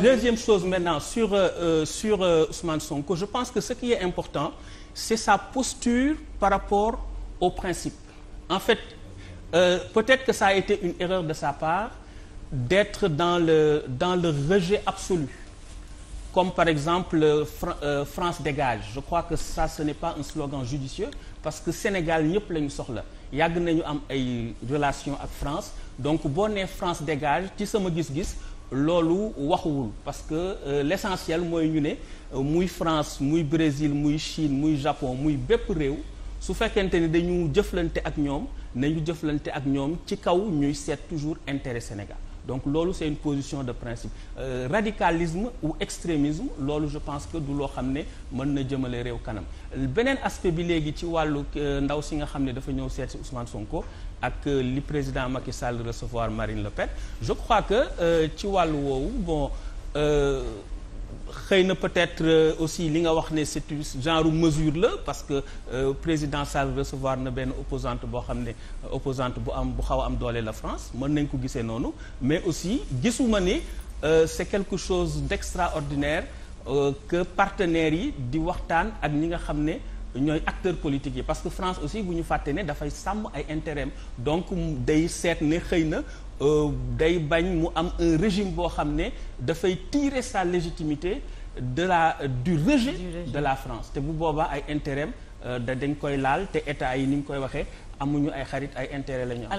deuxième chose maintenant sur euh, euh, sur euh, Ousmane je pense que ce qui est important c'est sa posture par rapport au principe en fait euh, peut-être que ça a été une erreur de sa part d'être dans le dans le rejet absolu comme par exemple euh, Fra euh, France dégage je crois que ça ce n'est pas un slogan judicieux parce que Sénégal yëpp la ñu soxla yàgg nañu am ay relation ak France donc boo nee France dégage ci sama gis-gis loolu waxuwul parce que euh, l'essentiel mooy ñu ne euh, muy France muy Brésil muy Chine muy Japon muy bépp réew su fekkente ni dañu jëflante ak ñoom nañu jëflante ak ñoom ci kaw ñuy seet toujours intérêt Sénégal donc loolu c'est une position de principe euh, radicalisme ou extrémisme loolu je pense que du loo xam ne mën na jëmale réew kanam beneen aspect bi léegi ci wàllu euh, ndaw si nga xam ne dafa ñëw seet si Ousmane Sonko ak euh, li président Macky Sall recevoir Marine Le Pen je crois que euh, ci wàllu woowu bon. Euh, xëy na peut-être euh, aussi li nga wax ne c'est genre mesure la parce que euh, président Sall recevoir na benn opposante boo xam ne euh, opposante bu am bu xaw a am doole la France mën nañ ko gisee noonu mais aussi gisuma ne c'est quelque chose d'extraordinaire que partenaires yi di waxtaan ak ñi nga xam ne ñooy acteur politiques yi parce que France aussi bu ñu fàtte ne dafay sàmm ay intérêt donc day seet ne xëy na euh, day bañ mu am un régime boo xam ne dafay tirer sa légitimité de la du rejet de la France te bu boobaa ay intérêt euh, da dañ koy laal te état yi ni ñu koy waxee amuñu ay xarit ay intérêt la ñu am